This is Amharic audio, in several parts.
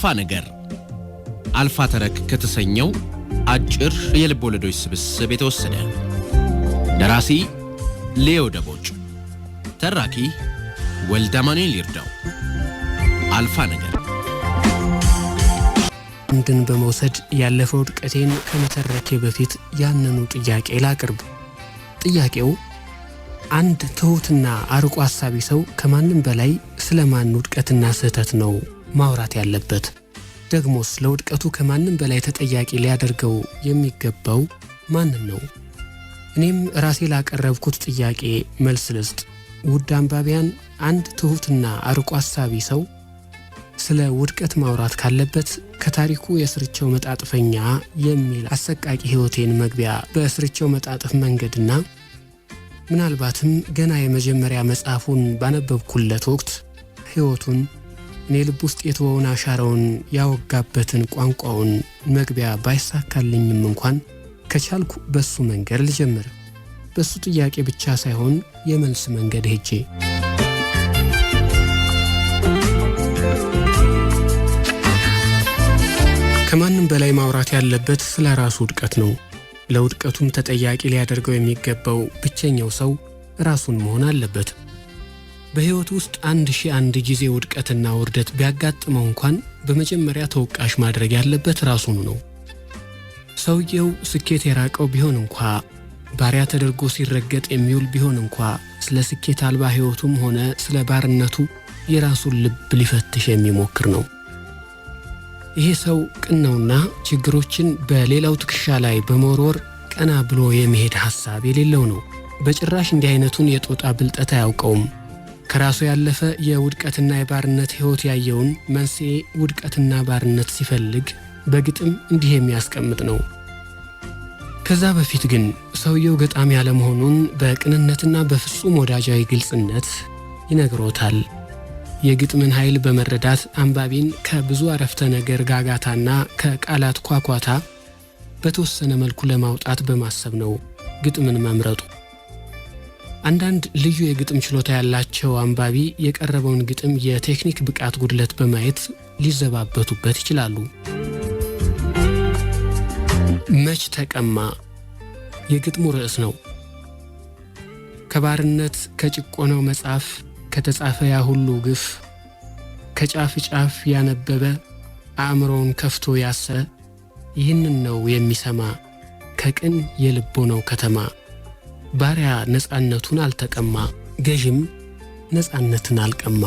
ያልፋ ነገር አልፋ ተረክ ከተሰኘው አጭር የልብ ወለዶች ስብስብ የተወሰደ። ደራሲ ሌዮ ደቦጭ፣ ተራኪ ወልደ አማኑኤል ይርዳው። አልፋ ነገር አንድን በመውሰድ ያለፈው ውድቀቴን ከመተረኬ በፊት ያንኑ ጥያቄ ላቅርብ። ጥያቄው አንድ ትሑትና አርቆ አሳቢ ሰው ከማንም በላይ ስለማን ውድቀትና ስህተት ነው ማውራት ያለበት። ደግሞስ ለውድቀቱ ከማንም በላይ ተጠያቂ ሊያደርገው የሚገባው ማንን ነው? እኔም ራሴ ላቀረብኩት ጥያቄ መልስ ልስጥ። ውድ አንባቢያን፣ አንድ ትሑትና አርቆ አሳቢ ሰው ስለ ውድቀት ማውራት ካለበት ከታሪኩ የስርቸው መጣጥፈኛ የሚል አሰቃቂ ሕይወቴን መግቢያ በስርቸው መጣጥፍ መንገድና ምናልባትም ገና የመጀመሪያ መጽሐፉን ባነበብኩለት ወቅት ሕይወቱን እኔ ልብ ውስጥ የተወውን አሻራውን ያወጋበትን ቋንቋውን መግቢያ ባይሳካልኝም እንኳን ከቻልኩ በሱ መንገድ ልጀምር። በሱ ጥያቄ ብቻ ሳይሆን የመልስ መንገድ ሄጄ ከማንም በላይ ማውራት ያለበት ስለ ራሱ ውድቀት ነው። ለውድቀቱም ተጠያቂ ሊያደርገው የሚገባው ብቸኛው ሰው ራሱን መሆን አለበት። በሕይወት ውስጥ አንድ ሺህ አንድ ጊዜ ውድቀትና ውርደት ቢያጋጥመው እንኳን በመጀመሪያ ተወቃሽ ማድረግ ያለበት ራሱን ነው። ሰውየው ስኬት የራቀው ቢሆን እንኳ ባሪያ ተደርጎ ሲረገጥ የሚውል ቢሆን እንኳ ስለ ስኬት አልባ ሕይወቱም ሆነ ስለ ባርነቱ የራሱን ልብ ሊፈትሽ የሚሞክር ነው። ይሄ ሰው ቅን ነውና ችግሮችን በሌላው ትከሻ ላይ በመወርወር ቀና ብሎ የመሄድ ሐሳብ የሌለው ነው። በጭራሽ እንዲህ አይነቱን የጦጣ ብልጠት አያውቀውም። ከራሱ ያለፈ የውድቀትና የባርነት ሕይወት ያየውን መንስኤ ውድቀትና ባርነት ሲፈልግ በግጥም እንዲህ የሚያስቀምጥ ነው። ከዛ በፊት ግን ሰውየው ገጣሚ ያለመሆኑን በቅንነትና በፍጹም ወዳጃዊ ግልጽነት ይነግሮታል። የግጥምን ኃይል በመረዳት አንባቢን ከብዙ አረፍተ ነገር ጋጋታና ከቃላት ኳኳታ በተወሰነ መልኩ ለማውጣት በማሰብ ነው ግጥምን መምረጡ። አንዳንድ ልዩ የግጥም ችሎታ ያላቸው አንባቢ የቀረበውን ግጥም የቴክኒክ ብቃት ጉድለት በማየት ሊዘባበቱበት ይችላሉ። መች ተቀማ የግጥሙ ርዕስ ነው። ከባርነት ከጭቆነው መጽሐፍ ከተጻፈ ያ ሁሉ ግፍ ከጫፍ ጫፍ ያነበበ አእምሮውን ከፍቶ ያሰ ይህንን ነው የሚሰማ ከቅን የልቦነው ከተማ ባሪያ ነፃነቱን አልተቀማ፣ ገዥም ነፃነትን አልቀማ።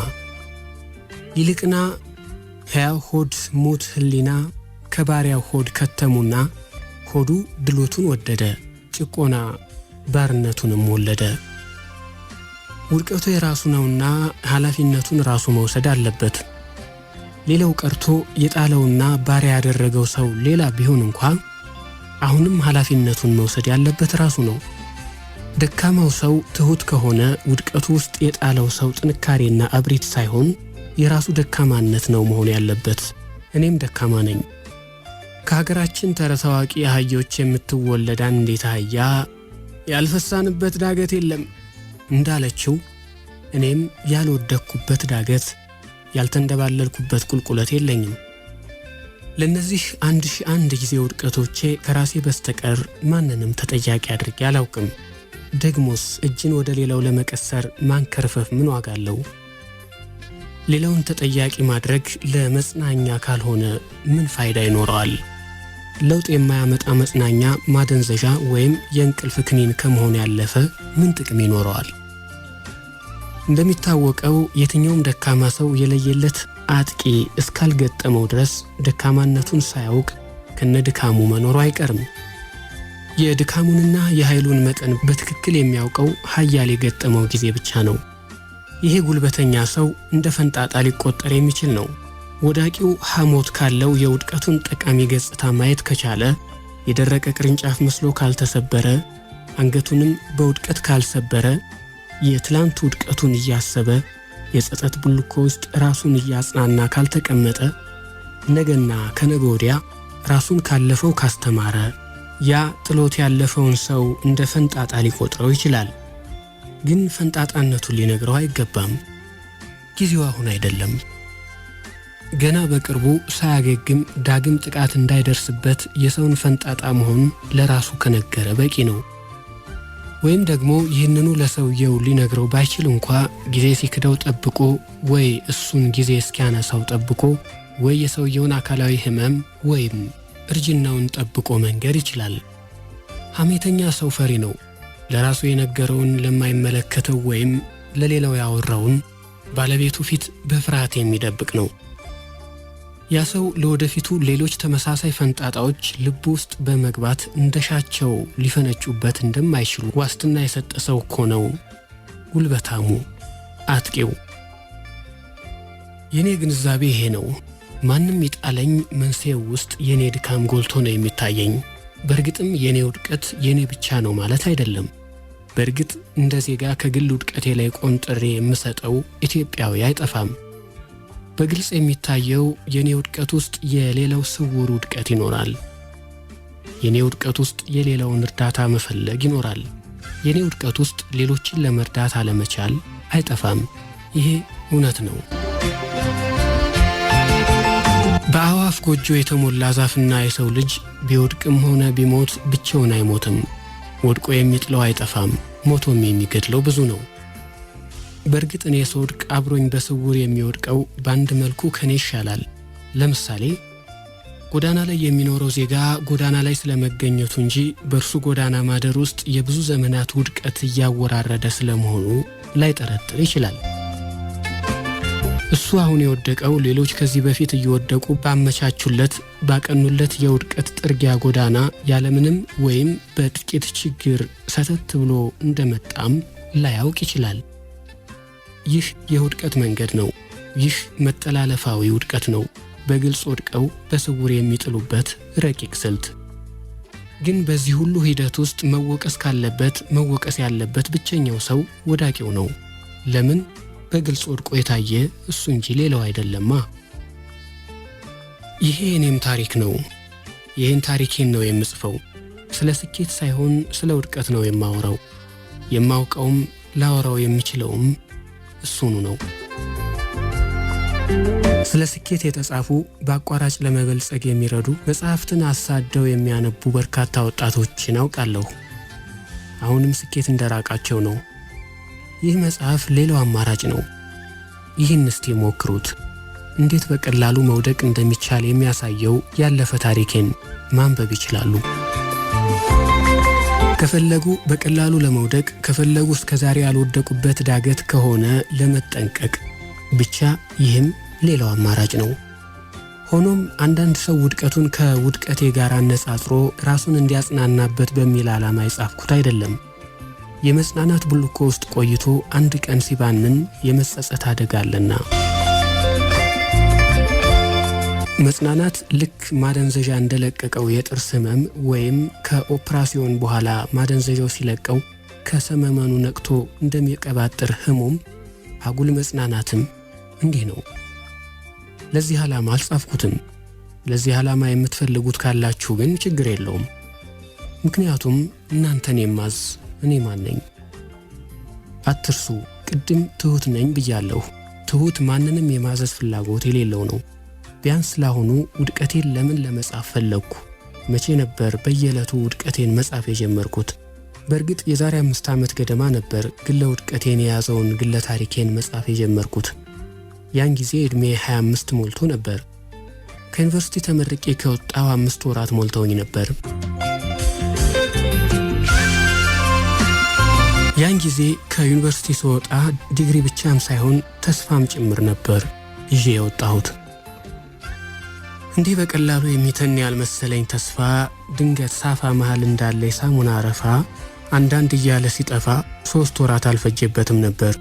ይልቅና ሕያው ሆድ ሙት ሕሊና ከባሪያው ሆድ ከተሙና ሆዱ ድሎቱን ወደደ፣ ጭቆና ባርነቱንም ወለደ። ውድቀቱ የራሱ ነውና ኃላፊነቱን ራሱ መውሰድ አለበት። ሌላው ቀርቶ የጣለውና ባሪያ ያደረገው ሰው ሌላ ቢሆን እንኳ አሁንም ኃላፊነቱን መውሰድ ያለበት ራሱ ነው። ደካማው ሰው ትሑት ከሆነ ውድቀቱ ውስጥ የጣለው ሰው ጥንካሬና እብሪት ሳይሆን የራሱ ደካማነት ነው መሆን ያለበት። እኔም ደካማ ነኝ። ከሀገራችን ተረት አዋቂ አህዮች የምትወለድ አንዲት አህያ ያልፈሳንበት ዳገት የለም እንዳለችው እኔም ያልወደግኩበት ዳገት፣ ያልተንደባለልኩበት ቁልቁለት የለኝም። ለእነዚህ አንድ ሺህ አንድ ጊዜ ውድቀቶቼ ከራሴ በስተቀር ማንንም ተጠያቂ አድርጌ አላውቅም። ደግሞስ እጅን ወደ ሌላው ለመቀሰር ማንከርፈፍ ምን ዋጋ አለው? ሌላውን ተጠያቂ ማድረግ ለመጽናኛ ካልሆነ ምን ፋይዳ ይኖረዋል? ለውጥ የማያመጣ መጽናኛ ማደንዘዣ ወይም የእንቅልፍ ክኒን ከመሆን ያለፈ ምን ጥቅም ይኖረዋል? እንደሚታወቀው የትኛውም ደካማ ሰው የለየለት አጥቂ እስካልገጠመው ድረስ ደካማነቱን ሳያውቅ ከነድካሙ መኖሩ አይቀርም። የድካሙንና የኃይሉን መጠን በትክክል የሚያውቀው ኃያል የገጠመው ጊዜ ብቻ ነው። ይሄ ጉልበተኛ ሰው እንደ ፈንጣጣ ሊቆጠር የሚችል ነው። ወዳቂው ሐሞት ካለው የውድቀቱን ጠቃሚ ገጽታ ማየት ከቻለ፣ የደረቀ ቅርንጫፍ መስሎ ካልተሰበረ፣ አንገቱንም በውድቀት ካልሰበረ፣ የትላንት ውድቀቱን እያሰበ የጸጸት ቡልኮ ውስጥ ራሱን እያጽናና ካልተቀመጠ፣ ነገና ከነገ ወዲያ ራሱን ካለፈው ካስተማረ ያ ጥሎት ያለፈውን ሰው እንደ ፈንጣጣ ሊቆጥረው ይችላል፣ ግን ፈንጣጣነቱን ሊነግረው አይገባም። ጊዜው አሁን አይደለም። ገና በቅርቡ ሳያገግም ዳግም ጥቃት እንዳይደርስበት የሰውን ፈንጣጣ መሆኑ ለራሱ ከነገረ በቂ ነው። ወይም ደግሞ ይህንኑ ለሰውየው ሊነግረው ባይችል እንኳ ጊዜ ሲክደው ጠብቆ ወይ እሱን ጊዜ እስኪያነሳው ጠብቆ ወይ የሰውየውን አካላዊ ሕመም ወይም እርጅናውን ጠብቆ መንገድ ይችላል። ሐሜተኛ ሰው ፈሪ ነው። ለራሱ የነገረውን ለማይመለከተው ወይም ለሌላው ያወራውን ባለቤቱ ፊት በፍርሃት የሚደብቅ ነው። ያ ሰው ለወደፊቱ ሌሎች ተመሳሳይ ፈንጣጣዎች ልብ ውስጥ በመግባት እንደሻቸው ሊፈነጩበት እንደማይችሉ ዋስትና የሰጠ ሰው እኮ ነው ጉልበታሙ አጥቂው። የእኔ ግንዛቤ ይሄ ነው። ማንም የጣለኝ መንስኤው ውስጥ የእኔ ድካም ጎልቶ ነው የሚታየኝ። በእርግጥም የኔ ውድቀት የኔ ብቻ ነው ማለት አይደለም። በእርግጥ እንደ ዜጋ ከግል ውድቀቴ ላይ ቆንጥሬ የምሰጠው ኢትዮጵያዊ አይጠፋም። በግልጽ የሚታየው የኔ ውድቀት ውስጥ የሌላው ስውር ውድቀት ይኖራል። የኔ ውድቀት ውስጥ የሌላውን እርዳታ መፈለግ ይኖራል። የኔ ውድቀት ውስጥ ሌሎችን ለመርዳት አለመቻል አይጠፋም። ይሄ እውነት ነው። በአዕዋፍ ጎጆ የተሞላ ዛፍና የሰው ልጅ ቢወድቅም ሆነ ቢሞት ብቻውን አይሞትም። ወድቆ የሚጥለው አይጠፋም፣ ሞቶም የሚገድለው ብዙ ነው። በእርግጥ እኔ ስወድቅ አብሮኝ በስውር የሚወድቀው በአንድ መልኩ ከኔ ይሻላል። ለምሳሌ ጎዳና ላይ የሚኖረው ዜጋ ጎዳና ላይ ስለመገኘቱ እንጂ በእርሱ ጎዳና ማደር ውስጥ የብዙ ዘመናት ውድቀት እያወራረደ ስለመሆኑ ላይጠረጥር ይችላል። እሱ አሁን የወደቀው ሌሎች ከዚህ በፊት እየወደቁ ባመቻቹለት ባቀኑለት የውድቀት ጥርጊያ ጎዳና ያለምንም ወይም በጥቂት ችግር ሰተት ብሎ እንደመጣም ላያውቅ ይችላል። ይህ የውድቀት መንገድ ነው። ይህ መጠላለፋዊ ውድቀት ነው። በግልጽ ወድቀው በስውር የሚጥሉበት ረቂቅ ስልት። ግን በዚህ ሁሉ ሂደት ውስጥ መወቀስ ካለበት መወቀስ ያለበት ብቸኛው ሰው ወዳቂው ነው። ለምን? በግልጽ ወድቆ የታየ እሱ እንጂ ሌላው አይደለማ። ይሄ የኔም ታሪክ ነው። ይህን ታሪኬን ነው የምጽፈው። ስለ ስኬት ሳይሆን ስለ ውድቀት ነው የማወራው። የማውቀውም ላወራው የሚችለውም እሱኑ ነው። ስለ ስኬት የተጻፉ በአቋራጭ ለመበልጸግ የሚረዱ መጽሐፍትን አሳደው የሚያነቡ በርካታ ወጣቶች እናውቃለሁ። አሁንም ስኬት እንደራቃቸው ነው። ይህ መጽሐፍ ሌላው አማራጭ ነው። ይህን እስቲ ሞክሩት። እንዴት በቀላሉ መውደቅ እንደሚቻል የሚያሳየው ያለፈ ታሪኬን ማንበብ ይችላሉ። ከፈለጉ በቀላሉ ለመውደቅ ከፈለጉ እስከዛሬ ያልወደቁበት ዳገት ከሆነ ለመጠንቀቅ ብቻ ይህም ሌላው አማራጭ ነው። ሆኖም አንዳንድ ሰው ውድቀቱን ከውድቀቴ ጋር አነጻጽሮ ራሱን እንዲያጽናናበት በሚል ዓላማ የጻፍኩት አይደለም። የመጽናናት ብልኮ ውስጥ ቆይቶ አንድ ቀን ሲባንን የመጸጸት አደጋ አለና መጽናናት ልክ ማደንዘዣ እንደለቀቀው የጥርስ ህመም ወይም ከኦፕራሲዮን በኋላ ማደንዘዣው ሲለቀው ከሰመመኑ ነቅቶ እንደሚቀባጥር ህሙም አጉል መጽናናትም እንዲህ ነው። ለዚህ ዓላማ አልጻፍኩትም። ለዚህ ዓላማ የምትፈልጉት ካላችሁ ግን ችግር የለውም። ምክንያቱም እናንተን የማዝ እኔ ማን ነኝ? አትርሱ፣ ቅድም ትሑት ነኝ ብያለሁ። ትሑት ማንንም የማዘዝ ፍላጎት የሌለው ነው። ቢያንስ ላሁኑ ውድቀቴን ለምን ለመጻፍ ፈለግኩ? መቼ ነበር በየዕለቱ ውድቀቴን መጻፍ የጀመርኩት? በእርግጥ የዛሬ አምስት ዓመት ገደማ ነበር ግለ ውድቀቴን የያዘውን ግለ ታሪኬን መጻፍ የጀመርኩት። ያን ጊዜ ዕድሜ 25 ሞልቶ ነበር። ከዩኒቨርሲቲ ተመርቄ ከወጣው አምስት ወራት ሞልተውኝ ነበር። ያን ጊዜ ከዩኒቨርሲቲ ስወጣ ዲግሪ ብቻም ሳይሆን ተስፋም ጭምር ነበር ይዤ የወጣሁት። እንዲህ በቀላሉ የሚተን ያልመሰለኝ ተስፋ ድንገት ሳፋ መሃል እንዳለ የሳሙና አረፋ አንዳንድ እያለ ሲጠፋ ሦስት ወራት አልፈጀበትም ነበር።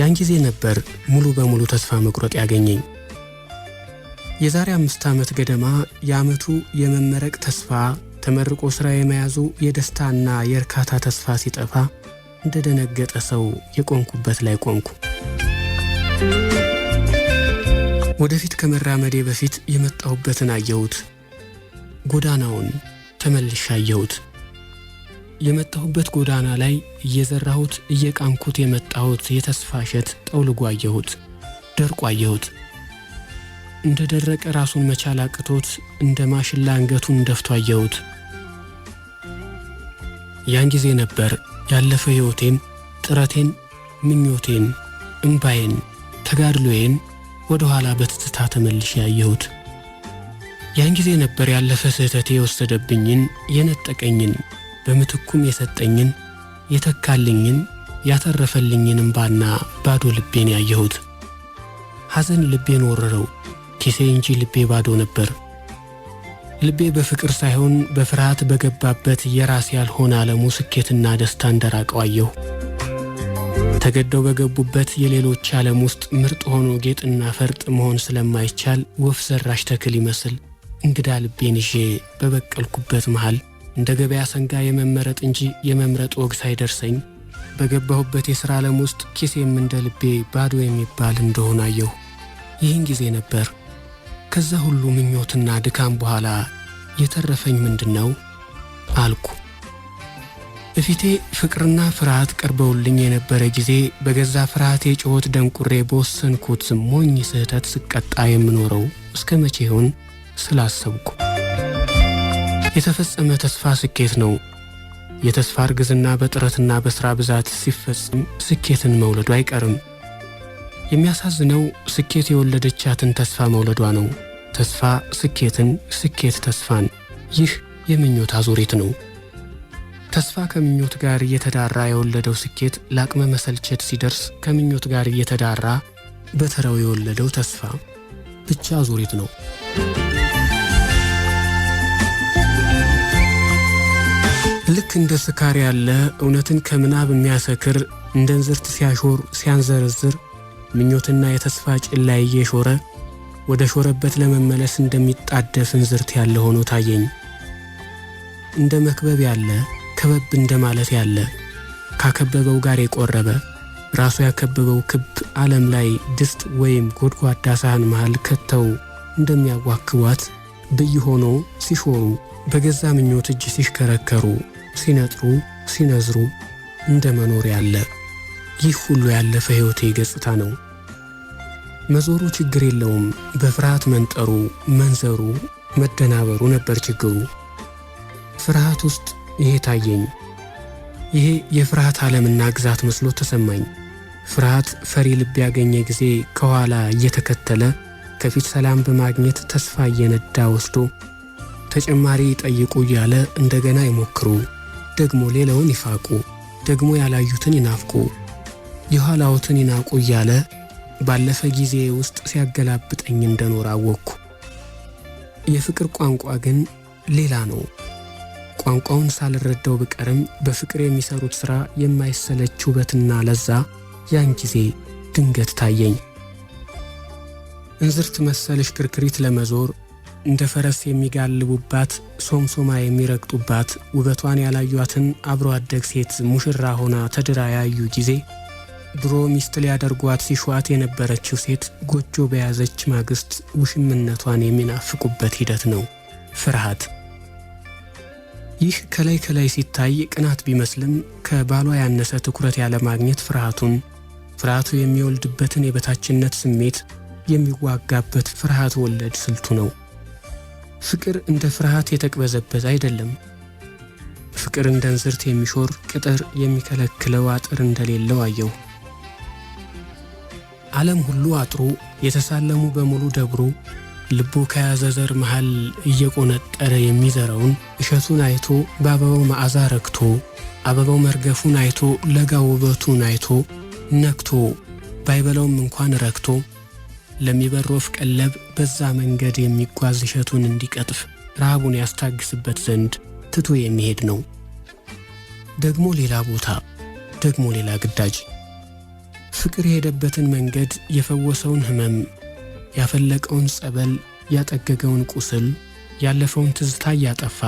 ያን ጊዜ ነበር ሙሉ በሙሉ ተስፋ መቁረጥ ያገኘኝ። የዛሬ አምስት ዓመት ገደማ የዓመቱ የመመረቅ ተስፋ ተመርቆ ሥራ የመያዙ የደስታና የእርካታ ተስፋ ሲጠፋ እንደደነገጠ ሰው የቆንኩበት ላይ ቆንኩ። ወደፊት ከመራመዴ በፊት የመጣሁበትን አየሁት። ጎዳናውን ተመልሼ አየሁት። የመጣሁበት ጎዳና ላይ እየዘራሁት እየቃንኩት የመጣሁት የተስፋ እሸት ጠውልጎ አየሁት፣ ደርቆ አየሁት። እንደ ደረቀ ራሱን መቻል አቅቶት እንደ ማሽላ አንገቱን ደፍቶ አየሁት። ያን ጊዜ ነበር ያለፈ ሕይወቴን፣ ጥረቴን፣ ምኞቴን፣ እምባዬን፣ ተጋድሎዬን ወደ ኋላ በትትታ ተመልሼ ያየሁት። ያን ጊዜ ነበር ያለፈ ስህተቴ የወሰደብኝን፣ የነጠቀኝን፣ በምትኩም የሰጠኝን፣ የተካልኝን፣ ያተረፈልኝን እምባና ባዶ ልቤን ያየሁት። ሐዘን ልቤን ወረረው። ኪሴ እንጂ ልቤ ባዶ ነበር። ልቤ በፍቅር ሳይሆን በፍርሃት በገባበት የራስ ያልሆነ ዓለሙ ስኬትና ደስታ እንደራቀው አየሁ። ተገደው በገቡበት የሌሎች ዓለም ውስጥ ምርጥ ሆኖ ጌጥና ፈርጥ መሆን ስለማይቻል ወፍ ዘራሽ ተክል ይመስል እንግዳ ልቤን ይዤ በበቀልኩበት መሃል እንደ ገበያ ሰንጋ የመመረጥ እንጂ የመምረጥ ወግ ሳይደርሰኝ በገባሁበት የሥራ ዓለም ውስጥ ኪሴም እንደ ልቤ ባዶ የሚባል እንደሆነ አየሁ። ይህን ጊዜ ነበር ከዛ ሁሉ ምኞትና ድካም በኋላ የተረፈኝ ምንድን ነው አልኩ። በፊቴ ፍቅርና ፍርሃት ቀርበውልኝ የነበረ ጊዜ በገዛ ፍርሃቴ ጩኸት ደንቁሬ በወሰንኩት ሞኝ ስህተት ስቀጣ የምኖረው እስከ መቼ ይሆን ስላሰብኩ። የተፈጸመ ተስፋ ስኬት ነው። የተስፋ እርግዝና በጥረትና በሥራ ብዛት ሲፈጽም ስኬትን መውለዱ አይቀርም። የሚያሳዝነው ስኬት የወለደቻትን ተስፋ መውለዷ ነው። ተስፋ ስኬትን፣ ስኬት ተስፋን። ይህ የምኞት አዙሪት ነው። ተስፋ ከምኞት ጋር እየተዳራ የወለደው ስኬት ለአቅመ መሰልቸት ሲደርስ ከምኞት ጋር እየተዳራ በተራው የወለደው ተስፋ ብቻ አዙሪት ነው። ልክ እንደ ስካር ያለ እውነትን ከምናብ የሚያሰክር እንደ እንዝርት ሲያሾር ሲያንዘረዝር ምኞትና የተስፋ ጭን ላይ እየሾረ ወደ ሾረበት ለመመለስ እንደሚጣደፍ እንዝርት ያለ ሆኖ ታየኝ። እንደ መክበብ ያለ ከበብ እንደ ማለት ያለ ካከበበው ጋር የቆረበ ራሱ ያከበበው ክብ ዓለም ላይ ድስት ወይም ጎድጓዳ ሳህን መሃል ከተው እንደሚያዋክቧት ብይ ሆኖ ሲሾሩ በገዛ ምኞት እጅ ሲሽከረከሩ ሲነጥሩ ሲነዝሩ እንደ መኖር ያለ ይህ ሁሉ ያለፈ ሕይወቴ ገጽታ ነው። መዞሩ ችግር የለውም። በፍርሃት መንጠሩ፣ መንዘሩ፣ መደናበሩ ነበር ችግሩ። ፍርሃት ውስጥ ይሄ ታየኝ። ይሄ የፍርሃት ዓለምና ግዛት መስሎ ተሰማኝ። ፍርሃት ፈሪ ልብ ያገኘ ጊዜ ከኋላ እየተከተለ ከፊት ሰላም በማግኘት ተስፋ እየነዳ ወስዶ ተጨማሪ ጠይቁ እያለ እንደገና ይሞክሩ፣ ደግሞ ሌላውን ይፋቁ፣ ደግሞ ያላዩትን ይናፍቁ የኋላዎትን ይናቁ እያለ ባለፈ ጊዜ ውስጥ ሲያገላብጠኝ እንደኖር አወቅኩ። የፍቅር ቋንቋ ግን ሌላ ነው። ቋንቋውን ሳልረዳው ብቀርም በፍቅር የሚሰሩት ሥራ የማይሰለች ውበትና ለዛ ያን ጊዜ ድንገት ታየኝ። እንዝርት መሰል ክርክሪት ለመዞር እንደ ፈረስ የሚጋልቡባት ሶምሶማ የሚረግጡባት ውበቷን ያላዩአትን አብሮ አደግ ሴት ሙሽራ ሆና ተድራ ያዩ ጊዜ ድሮ ሚስት ሊያደርጓት ሲሸዋት የነበረችው ሴት ጎጆ በያዘች ማግስት ውሽምነቷን የሚናፍቁበት ሂደት ነው። ፍርሃት። ይህ ከላይ ከላይ ሲታይ ቅናት ቢመስልም ከባሏ ያነሰ ትኩረት ያለማግኘት ፍርሃቱን፣ ፍርሃቱ የሚወልድበትን የበታችነት ስሜት የሚዋጋበት ፍርሃት ወለድ ስልቱ ነው። ፍቅር እንደ ፍርሃት የተቅበዘበዘ አይደለም። ፍቅር እንደ እንዝርት የሚሾር ቅጥር የሚከለክለው አጥር እንደሌለው አየሁ። ዓለም ሁሉ አጥሩ የተሳለሙ በሙሉ ደብሮ ልቡ ከያዘ ዘር መሃል እየቆነጠረ የሚዘራውን እሸቱን አይቶ በአበባው መዓዛ ረክቶ አበባው መርገፉን አይቶ ለጋ ውበቱን አይቶ ነክቶ ባይበላውም እንኳን ረክቶ ለሚበር ወፍ ቀለብ በዛ መንገድ የሚጓዝ እሸቱን እንዲቀጥፍ ረሃቡን ያስታግስበት ዘንድ ትቶ የሚሄድ ነው። ደግሞ ሌላ ቦታ፣ ደግሞ ሌላ ግዳጅ ፍቅር የሄደበትን መንገድ፣ የፈወሰውን ህመም፣ ያፈለቀውን ጸበል፣ ያጠገገውን ቁስል፣ ያለፈውን ትዝታ እያጠፋ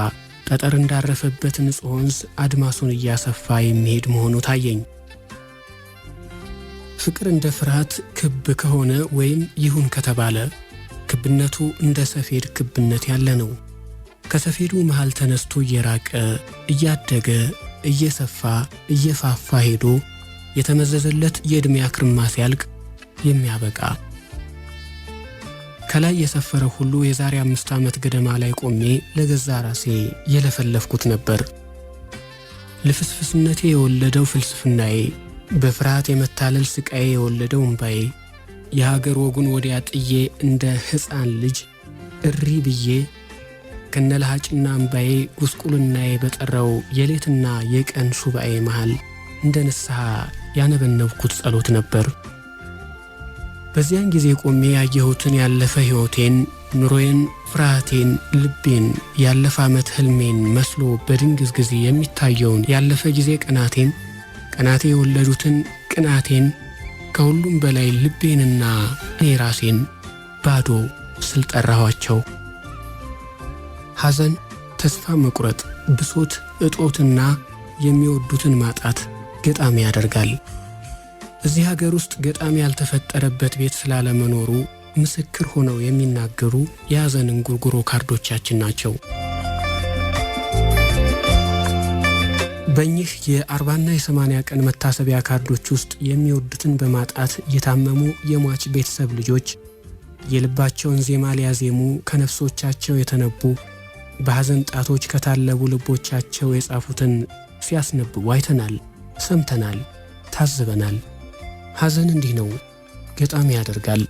ጠጠር እንዳረፈበት ንጹሕ ወንዝ አድማሱን እያሰፋ የሚሄድ መሆኑ ታየኝ። ፍቅር እንደ ፍርሃት ክብ ከሆነ ወይም ይሁን ከተባለ ክብነቱ እንደ ሰፌድ ክብነት ያለ ነው። ከሰፌዱ መሃል ተነስቶ እየራቀ እያደገ እየሰፋ እየፋፋ ሄዶ የተመዘዘለት የዕድሜ አክርማ ሲያልቅ የሚያበቃ ከላይ የሰፈረ ሁሉ የዛሬ አምስት ዓመት ገደማ ላይ ቆሜ ለገዛ ራሴ የለፈለፍኩት ነበር። ልፍስፍስነቴ የወለደው ፍልስፍናዬ፣ በፍርሃት የመታለል ስቃዬ የወለደው እምባዬ፣ የሀገር ወጉን ወዲያ ጥዬ እንደ ሕፃን ልጅ እሪ ብዬ ከነልሃጭና እምባዬ ጉስቁልናዬ በጠራው የሌትና የቀን ሱባኤ መሃል እንደ ንስሐ ያነበነብኩት ጸሎት ነበር። በዚያን ጊዜ ቆሜ ያየሁትን ያለፈ ሕይወቴን፣ ኑሮዬን፣ ፍርሃቴን፣ ልቤን፣ ያለፈ ዓመት ሕልሜን መስሎ በድንግዝ ጊዜ የሚታየውን ያለፈ ጊዜ ቅናቴን፣ ቅናቴ የወለዱትን ቅናቴን፣ ከሁሉም በላይ ልቤንና እኔ ራሴን ባዶ ስል ጠራኋቸው። ሐዘን፣ ተስፋ መቁረጥ፣ ብሶት፣ እጦትና የሚወዱትን ማጣት ገጣሚ ያደርጋል። እዚህ ሀገር ውስጥ ገጣሚ ያልተፈጠረበት ቤት ስላለመኖሩ ምስክር ሆነው የሚናገሩ የሐዘን እንጉርጉሮ ካርዶቻችን ናቸው። በእኚህ የአርባና የሰማንያ ቀን መታሰቢያ ካርዶች ውስጥ የሚወዱትን በማጣት የታመሙ የሟች ቤተሰብ ልጆች የልባቸውን ዜማ ሊያዜሙ ከነፍሶቻቸው የተነቡ በሐዘን ጣቶች ከታለቡ ልቦቻቸው የጻፉትን ሲያስነብቡ አይተናል። ሰምተናል፣ ታዝበናል። ሐዘን እንዲህ ነው፣ ገጣሚ ያደርጋል።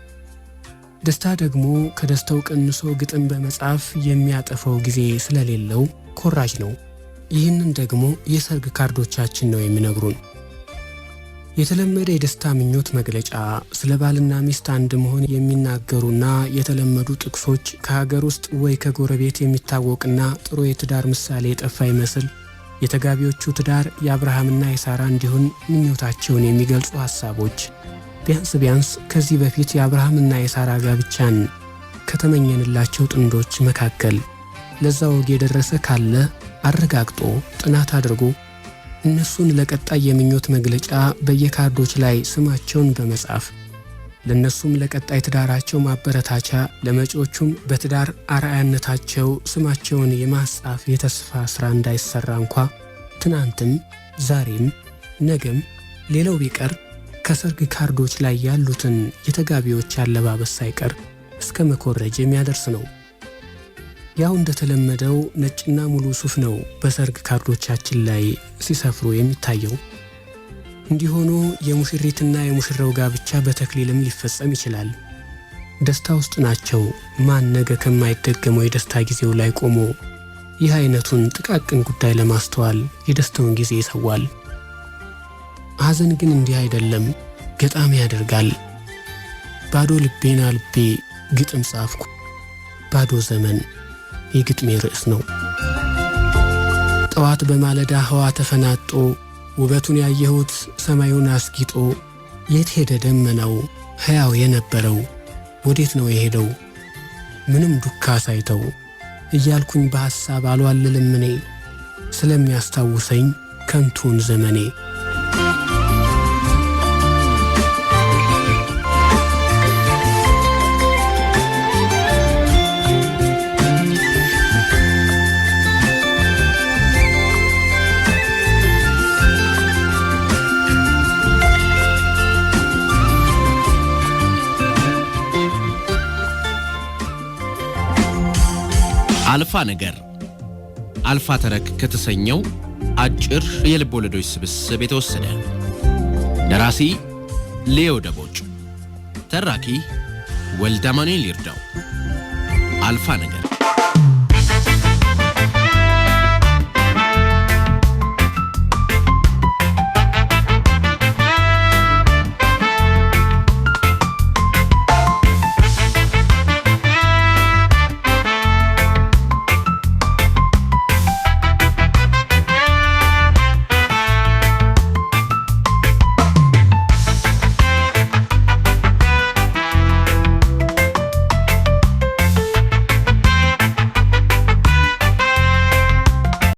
ደስታ ደግሞ ከደስታው ቀንሶ ግጥም በመጻፍ የሚያጠፈው ጊዜ ስለሌለው ኮራጅ ነው። ይህንን ደግሞ የሰርግ ካርዶቻችን ነው የሚነግሩን። የተለመደ የደስታ ምኞት መግለጫ ስለ ባልና ሚስት አንድ መሆን የሚናገሩና የተለመዱ ጥቅሶች ከሀገር ውስጥ ወይ ከጎረቤት የሚታወቅና ጥሩ የትዳር ምሳሌ የጠፋ ይመስል የተጋቢዎቹ ትዳር የአብርሃምና የሳራ እንዲሆን ምኞታቸውን የሚገልጹ ሐሳቦች ቢያንስ ቢያንስ ከዚህ በፊት የአብርሃምና የሳራ ጋብቻን ከተመኘንላቸው ጥንዶች መካከል ለዛ ወግ የደረሰ ካለ አረጋግጦ ጥናት አድርጎ እነሱን ለቀጣይ የምኞት መግለጫ በየካርዶች ላይ ስማቸውን በመጻፍ ለእነሱም ለቀጣይ ትዳራቸው ማበረታቻ፣ ለመጪዎቹም በትዳር አርአያነታቸው ስማቸውን የማስጻፍ የተስፋ ሥራ እንዳይሠራ እንኳ ትናንትም ዛሬም ነገም ሌላው ቢቀር ከሰርግ ካርዶች ላይ ያሉትን የተጋቢዎች አለባበስ ሳይቀር እስከ መኮረጅ የሚያደርስ ነው። ያው እንደተለመደው ነጭና ሙሉ ሱፍ ነው በሰርግ ካርዶቻችን ላይ ሲሰፍሩ የሚታየው። እንዲሆኑ የሙሽሪትና የሙሽራው ጋብቻ በተክሊልም ሊፈጸም ይችላል። ደስታ ውስጥ ናቸው። ማን ነገ ከማይደገመው የደስታ ጊዜው ላይ ቆሞ ይህ አይነቱን ጥቃቅን ጉዳይ ለማስተዋል የደስታውን ጊዜ ይሰዋል። ሐዘን ግን እንዲህ አይደለም፣ ገጣሚ ያደርጋል። ባዶ ልቤና ልቤ ግጥም ጻፍኩ። ባዶ ዘመን የግጥሜ ርዕስ ነው። ጠዋት በማለዳ ህዋ ተፈናጦ ውበቱን ያየሁት ሰማዩን አስጊጦ የት ሄደ ደመናው ሕያው የነበረው ወዴት ነው የሄደው ምንም ዱካ ሳይተው እያልኩኝ በሐሳብ አልዋልልም እኔ ስለሚያስታውሰኝ ከንቱን ዘመኔ አልፋ ነገር አልፋ ተረክ ከተሰኘው አጭር የልብ ወለዶች ስብስብ የተወሰደ። ደራሲ ሌዮ ደቦጭ፣ ተራኪ ወልዳማኔል ይርዳው። አልፋ ነገር